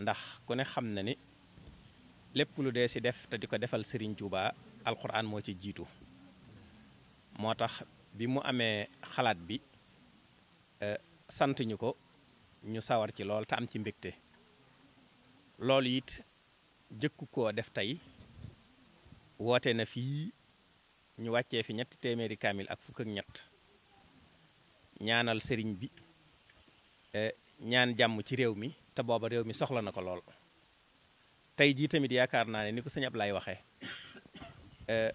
ndax ku ne xam na ni lépp lu dee si def te di ko defal Serigne Touba alxuraan moo ci jiitu moo tax bi mu amee xalaat bi e, sant ñu ko ñu sawar ci lool te am ci mbégte loolu it jëkku koo def tey woote na fii ñu wàccee fi ñetti téeméeri kaamil ak fukk ak ñett ñaanal sëriñ bi e, ñaan jàmm ci réew mi te booba réew mi soxla na ko lool tey jii tamit yaakaar naa ne ni ko sëñ Ablaye waxe eh,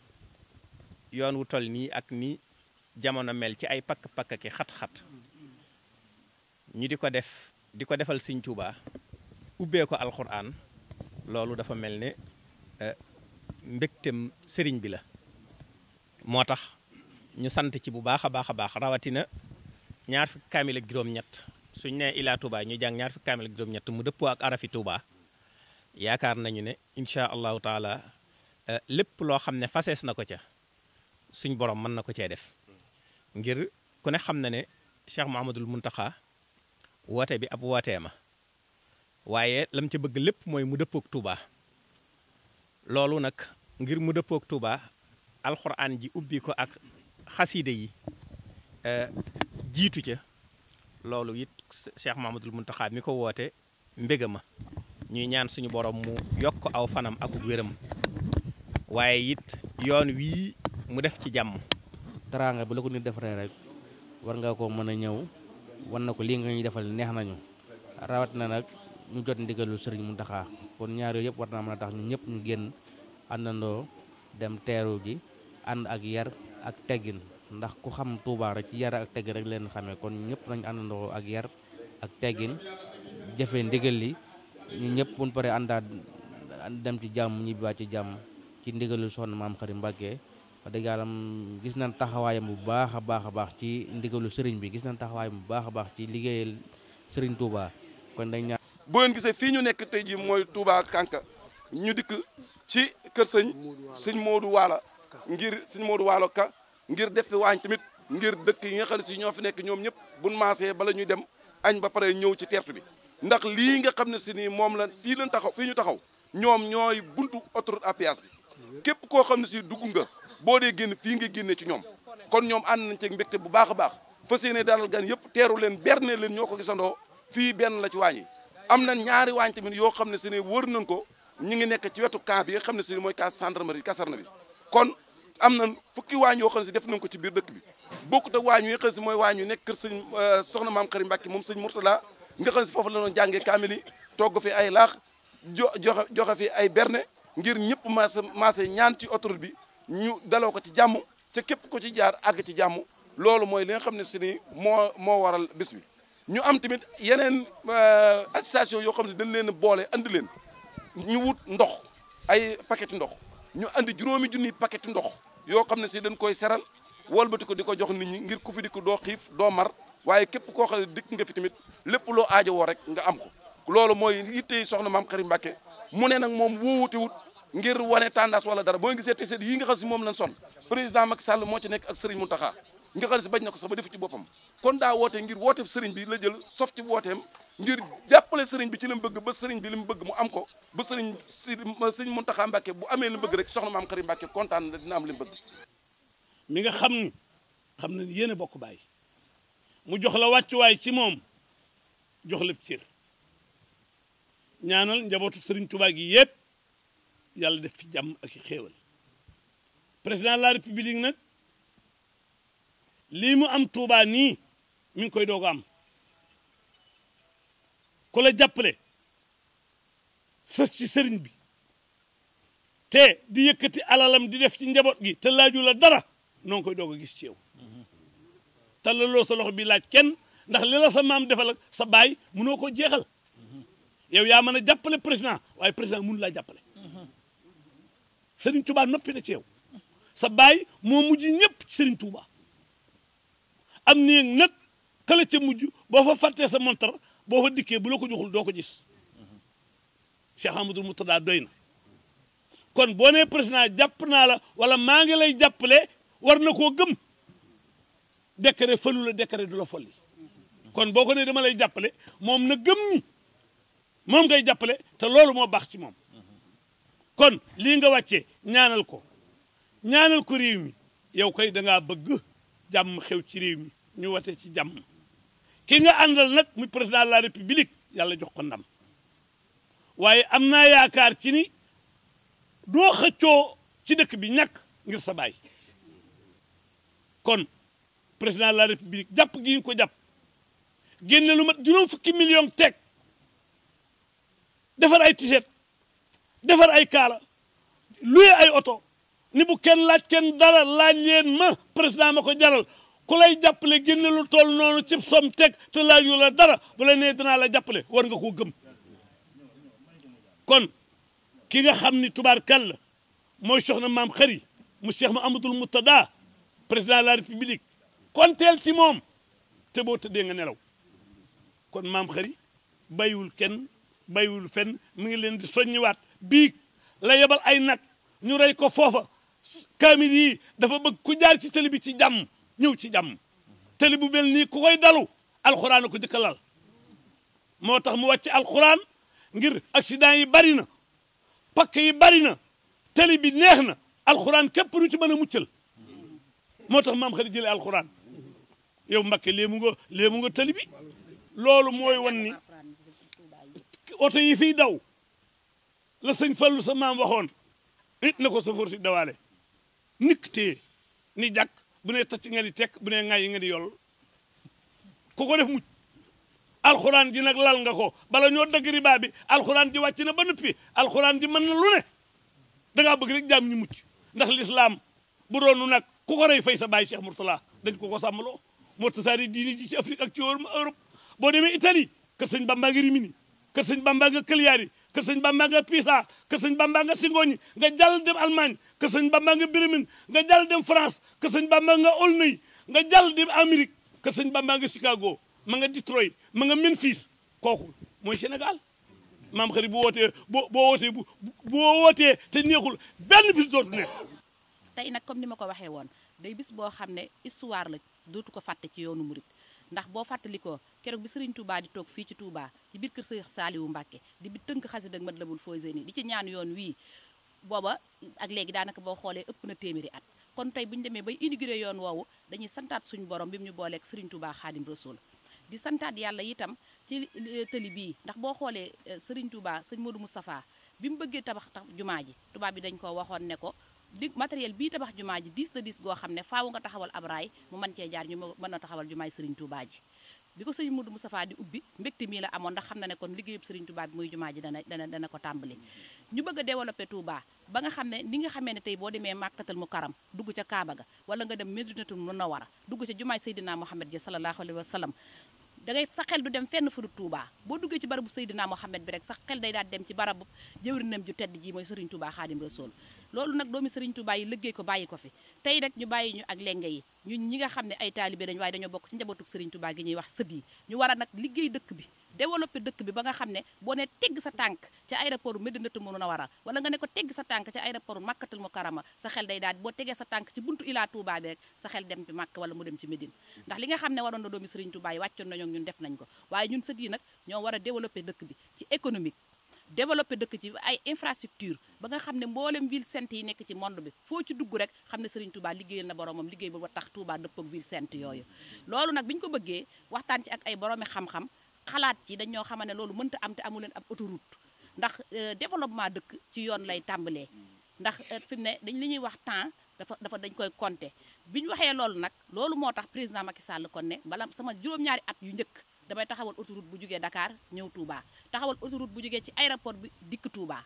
yoon wu toll nii ak ni jamono mel ci ay pakk-pakk ki xat-xat ñu di ko def di ko defal sëñ Tuubaa ubbee ko alxuraan loolu dafa mel ne eh, mbégtem sëriñ bi la moo tax ñu sant ci bu baax a baax a baax rawatina ñaar fukki kaamil ak ñett suñ nee ilaa Touba ñu jàng ñaar fi kaamil ak juróom-ñett mu dëppoo ak arafi Touba yaakaar nañu ne incha allahu taala euh, lépp loo xam ne fasees na ko ca suñ borom mën na ko cee def ngir ku ne xam na ne Cheikh Mouhamadul Mountakha woote bi ab wootee ma waaye lam ca bëgg lépp mooy mu dëppook Touba loolu nag ngir mu dëppook Touba alxuraan ji ubbi ko ak xasiide yi euh, jiitu ca. loolu it Cheikh Mahmadul Muntaxa mi ko woote mbéga ma ñuy ñaan suñu borom mu yokk aw fanam ak wéram waaye it yoon wii mu def ci jàmm teraanga bi la ko nit defaree rek war nga ko mën a ñëw war na ko lii nga ñuy defal neex nañu rawat na nag ñu jot ndigalul sëriñ Muntaxa kon ñaar yooyu yëpp war naa mën a tax ñu ñëpp ñu génn àndandoo dem teeru ji ànd ak yar ak teggin ndax ku xam Touba rek ci yar ak tegg rek leen xame kon ñëpp nañ àndandoo ak yar ak teggin jafe ndigal li ñu ñëpp buñ pare àndaat dem ci jàmm ñibbiwaat ci jàmm ci ndigalul soxna maam Xari Mbàkke wax dëgg yàlla gis na taxawaayam bu baax a baax a baax ci ndigalu sëriñ bi gis nañ taxawaayam bu baax a baax ci liggéeyal sëriñ tuubaa kon dañ ñaan bu ngeen gisee fii ñu nekk tey ji mooy Touba Kanka ñu dikk ci kër sëñ sëñ Modou Waala ngir sëñ Modou Waalo ka ngir def fi waañ tamit ngir dëkk yi nga xam ne si ñoo fi nekk ñoom ñëpp bun maasee bala ñuy dem añ ba pare ñëw ci teertu bi ndax lii nga xam ne si nii moom la fii lañ taxaw fii ñu taxaw ñoom ñooy buntu autoroute à bi képp koo xam ne si dugg nga boo dee génn fii nga génne ci ñoom kon ñoom ànd nañ ceeg mbégte bu baax a baax fas yéene gan yëpp teeru leen berne leen ñoo ko gisandoo fii benn la ci waañ yi am na ñaari waañ tamit yoo xam ne si ne wër nañ ko ñu ngi nekk ci wetu camp bi xam ne si mooy cas gendarmerie caserne bi kon am na fukki waañ yoo xam ne si def nañ ko ci biir dëkk bi bokkut ak waañ yi si mooy waañ yu nekk kër sëñ euh, soxna maam Xari Mbàkke moom sëñ Mourtala nga xam si foofu la doon jàngee kaamil yi togg fi ay laax jo joxe joxe fi ay berne ngir ñëpp maase maase ñaan ci autoroute bi ñu daloo ko ci jàmm ca képp ko ci jaar àgg ci jàmm loolu mooy li nga xam ne si ni moo moo waral bis bi ñu am tamit yeneen euh, association yoo xam ne dañ leen boole andi leen ñu wut ndox ay paquet ndox ñu andi juróomi junni paquet ndox yoo xam ne si dañ koy seral wolbati ko di ko jox nit ñi ngir ku fi dikk doo xiif doo mar waaye képp koo xam ne dikk nga fi tamit lépp loo aajowoo rek nga am ko loolu mooy yitte yi soxna maam Xari Mbàkke mu ne nag moom wóowutiwut ngir wane tendance wala dara boo gisee te seet yi nga xam si moom lañ sonn président Macky Sall moo ci nekk ak Serigne taxa nga xam ne si bañ na ko sama defu ci boppam kon daa woote ngir woote sëriñ bi la jël sof ci wooteem ngir jàppale sëriñ bi ci li bëgg ba sëriñ bi li mu bëgg am ko ba sëriñ si sëriñ Muntaxa Mbàkke bu amee li mu bëgg rek soxna maam Karim na dina am nga xam ni xam ne yéen a bokk bàyyi mu jox la wàccuwaay ci moom jox la cër ñaanal njabootu sëriñ Tuubaa gi yépp yàlla def fi jàmm ak i xéewal président la république nag liimu am Touba nii mi ngi koy doog am ku la jàppale sës ci sëriñ bi te di yëkkati alalam di def ci njaboot gi te laaju la dara noo koy doog gis ci yow te laloo sa loxo bi laaj kenn ndax li la sa maam defal sa baay noo ko jeexal yow yaa mën a jàppale président waaye président mënu laa jàppale sëriñ Touba noppi na ci yow sa baay moo mujj ñëpp sëriñ tuuba am néeg nag kala ca mujj boo fa fàttee sa montar boo fa dikkee bu la ko joxul doo ko gis Cheikh Amadou Moutada doy na kon boo ne président jàpp naa la wala maa ngi lay jàppale war na koo gëm décret fëlu la décret du folli kon boo ko nee dama lay jàppale moom na gëm ni moom ngay jàppale te loolu moo baax ci moom kon lii nga wàccee ñaanal ko ñaanal ko réew mi yow kay da ngaa bëgg jàmm xew ci réew mi ñu wate ci jàmm ki nga àndal nag muy président de la république yàlla jox ko ndam waaye am naa yaakaar ci ni doo xëccoo ci dëkk bi ñàkk ngir sabaay kon président de la république jàpp gi ñu ko jàpp génne lu mat juróom fukki million teg defar ay tiset defar ay kaala luye ay oto ni bu kenn laaj kenn dara laaj leen ma président ma ko jaral ku lay jàppale génne lu toll noonu cib som teg te laaju la dara bu la nee dinaa la jàppale war nga koo gëm kon ki nga xam ni tubaarkàlla mooy soxna maam xari mu cheikh Mahamadul Moutada président de la république konteel ci moom te boo tëddee nga nelaw kon maam xari bayiwul kenn bayiwul fenn mi ngi leen di soññiwaat biig la yebal ay nag ñu rey ko foofa kaamil yi dafa bëgg ku jaar ci tëli ci jàmm ñëw ci jàmm tali bu mel nii ku koy dalu alxuraan a ko jëkka moo tax mu wàcc alxuraan ngir accident yi bari na pakk yi bari na tali bi neex na alxuraan képp nu ci mën a muccal moo tax maam xarit alxuraan yow mbakke léemu nga léemu loolu mooy wan ni yi fiy daw la sëñ Fallu sa maam waxoon it na ko sa for si dawaale nikk téye ni jàkk bu ne tacc nga di tekk bu ne ŋayi nga di yol ku ko def mucc alxuraan ji nag lal nga ko bala ñoo dagg riba bi alxuraan ji wàcc na ba noppi alxuraan ji mën na lu ne dangaa bëgg rek jaam ñu mucc ndax lislaam bu doonu nag ku ko rey fay sa baay Cheikh Mourtala dañ ko ko sàmmaloo moo tasaari ji ci Afrique ak ci Europe boo demee Italie kër sëñ Bamba nga Rimini kër sëñ Bamba nga Cagliari kër sëñ bamba nga Pisa kër sëñ bamba nga Singoñi nga jàll dem Allemagne kër sëñ bamba nga Birmin nga jàll dem France kër sëñ bamba nga Aulnay nga jàll dem Amérique kër sëñ bamba nga Chicago ma nga Detroit ma nga Memphis kooku mooy Sénégal maam xarit bu wootee boo bu boo wootee te neexul benn bis dootu nekk tey nag comme ni ma ko waxee woon day bis boo xam ne histoire la dootu ko fàtte ci yoonu murit ndax boo fàttalikoo keroog bi Serigne Touba di toog fii ci Touba ci biir kër Serigne Saliou Mbacke di bi tënk xasida ak Matlabul Fawzayni di ci ñaan yoon wii booba ak léegi daanaka boo xoolee ëpp na téeméeri at kon tey bu ñu demee bay inauguré yoon woowu dañuy santaat suñu borom bi mu ñu booleeg Serigne Touba Xaadim Rasul di santaat yàlla itam ci eh, tëli bii ndax boo xoolee eh, Serigne Touba sëñ mu safaa bi mu bëggee tabax tax jumaa ji tubaab bi dañ ko waxoon ne ko di matériel bii tabax jumaa ji 10 de 10 goo xam ne faawu nga taxawal ab raay mu mën cee jaar ñu mën a taxawal jumaay Serigne Touba ji bi sëriñ Modou Moustapha ubbi mbégte mii la amoon ndax xam na ne kon liggéeyub Serigne Touba bi muy jumaa ji dana dana dana ko tàmbali ñu bëgg a développé Touba nga xam ne ni nga xamee ne tey boo demee Màkkatal mu karam dugg ca Kaaba ga wala nga dem Medinatul Munawara dugg ca jumaay Seydina Muhammad ji sallallahu alayhi wa sallam da ngay sa xel du dem fenn fu du Touba boo duggee ci barabu Seydina Muhammad bi rek sa xel day daal dem ci barabu jëwrinam ju tedd ji mooy Serigne Touba Xaadim Rasool loolu nag doomi Serigne Touba yi liggéey ko bàyyi ko fi tey rek ñu bàyyi ñu ak lenga yi ñu ñi nga xam ne ay taalibe dañ waaye dañoo bokk ci njabootug Serigne Touba ñuy wax sët yi ñu war a liggéey dëkk bi développé dëkk bi ba xam ne boo ne tegg sa tànk ci aéroport Medinatu Munawara wala nga ne ko sa tànk ci aéroport Makkatul Mukarrama sa xel day daal boo tegee sa tànk ci buntu xel dem bi Makka wala mu dem ci Médine ndax li nga xam ne waroon na doomi Serigne Touba yi wàccoon nañoo ñun def nañ ko waaye ñun sët yi nag ñoo war a développé dëkk bi ci économique développé dëkk ci ay infrastructure ba nga xam ne mboolem ville sainte yi nekk ci monde bi foo ci dugg rek xam ne Serigne Touba liggéeyal na boromam liggéey ba tax Touba dëpp ak ville yooyu loolu nag bi ñu ko bëggee waxtaan ci ak ay boroomi xam-xam xalaat ci dañoo xama ne loolu mënta am te amu leen ab autoroute ndax euh, développement dëkk ci yoon lay tàmbalee ndax euh, fi ne dañ li ñuy wax temps dafa dafa dañ koy compter bi ñu waxee loolu nag loolu moo tax président Macky Sall kon ne bala sama juróom at yu njëkk damay taxawal autoroute bu jugee dakaar ñëw Touba taxawal autoroute bu jugee ci aéroport bi dikk Touba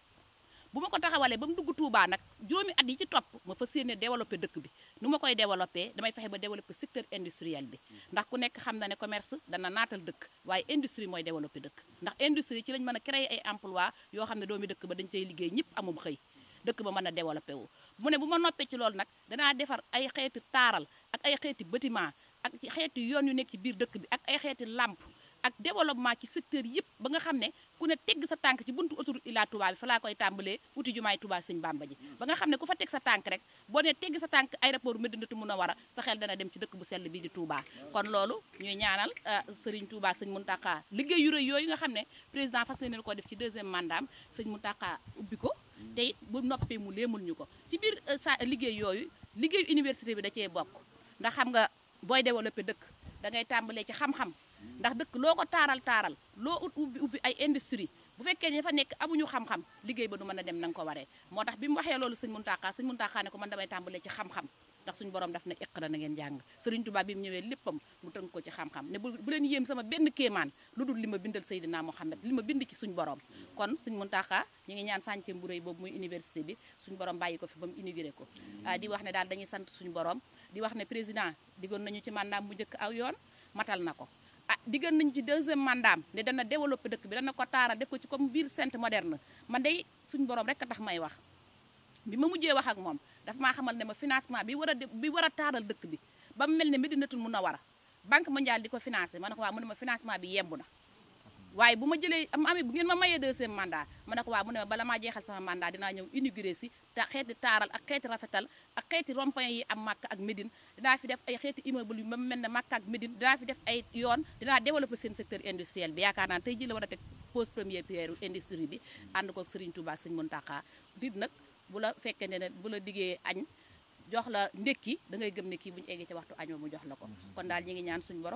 bu ma ko taxawalee ba mu dugg Touba nag juróomi at yi ci topp ma fas yéene développé dëkk bi nu ma koy développé damay fexe ba développé secteur industriel bi ndax ku nekk xam na ne commerce dana naatal dëkk waaye industrie mooy développé dëkk ndax industrie ci lañ mën a créer ay emploi yoo xam ne doomi dëkk ba dañ cay liggéey ñëpp amum xëy dëkk ba mën a développé wu mu ne bu ma noppee ci loolu nag danaa defar ay xeeti taaral ak ay xeeti bâtiment ak xeeti yoon yu nekk ci biir dëkk bi ak ay xeeti làmp ak développement ci secteur yëpp ba nga xam ne ku ne tegg sa tànk ci buntu autoroute Ila Touba bi fa laa koy tàmbalee wuti jumaay Touba sëñ Bamba ji ba nga xam ne ku fa teg sa tànk rek boo ne tegg sa tànk aéroport Medinatu Munawara sa xel dana dem ci dëkk bu sell bi di Touba kon loolu ñuy ñaanal euh, sëriñ Touba sëñ Mountakha liggéey yu rëy yooyu nga xam ne président fas yéene ko def ci deuxième mandat sëñ Mountakha ubbi ko te it bu noppee mu léemul ñu ko ci biir euh, sa liggéey yooyu liggéeyu université bi da cee bokk ndax xam nga booy développé dëkk da ngay tàmbalee ci xam ndax dëkk loo ko taaral taaral loo ut ubbi ubbi ay industrie bu fekkee ñi fa nekk amuñu xam-xam liggéey ba du man a dem na ko waree moo tax bi mu waxee loolu sëñ Muntaxa sëñ Muntaxa ne ko man damay tàmbalee ci xam-xam ndax suñu borom daf na iqra na ngeen jàng Sëriñ Tuubaa bi mu ñëwee léppam mu tënk ko ne bu leen sama benn kéemaan lu li ma bindal Seydina Muhammad li ma bind ci suñu borom kon suñ Muntaxa ñu ngi ñaan sànceem bu réy boobu muy université bi suñu borom bàyyi fi ba mu ko ah, di wax ne daal dañuy sant suñu borom di ne président diggoon nañu ci mandat mu njëkk aw yoon matal na ko diggal nañu ci deuxième mandat am dana développé dëkk bi dana ko taaral def ko ci comme biir Sainte moderne man day suñ borom rek a tax may wax bi ma mujjee wax ak moom dafa maa xamal ne ma financement bi war a bi war a taaral dëkk bi ba mu mel ne Medinatul war banque mondiale di ko finance man ne ko waaw mu ma financement bi yemb na waaye bu ma jëlee am amee bu ngeen ma mayee deuxième mandat ma ne ko waaw mu ne ma bala maa jeexal sama mandat dinaa ñëw inauguré si te xeeti taaral ak xeeti rafetal ak xeeti rond yi am màkk ak Médine dinaa fi def ay xeeti immeuble yu ma mel ne Makka ak Médine dinaa fi def ay yoon dinaa développé seen secteur industriel bi yaakaar naa tey ji la war a teg pose première pierre industrie bi ànd ko Serigne Touba Serigne Mountakha nit nag bu la fekkee ne bu la diggee añ jox la ndékki da ngay gëm ne kii bu ñu eggee ci waxtu añoo bu jox la ko mm-hmm. kon daal ñi ngi ñaan suñu borom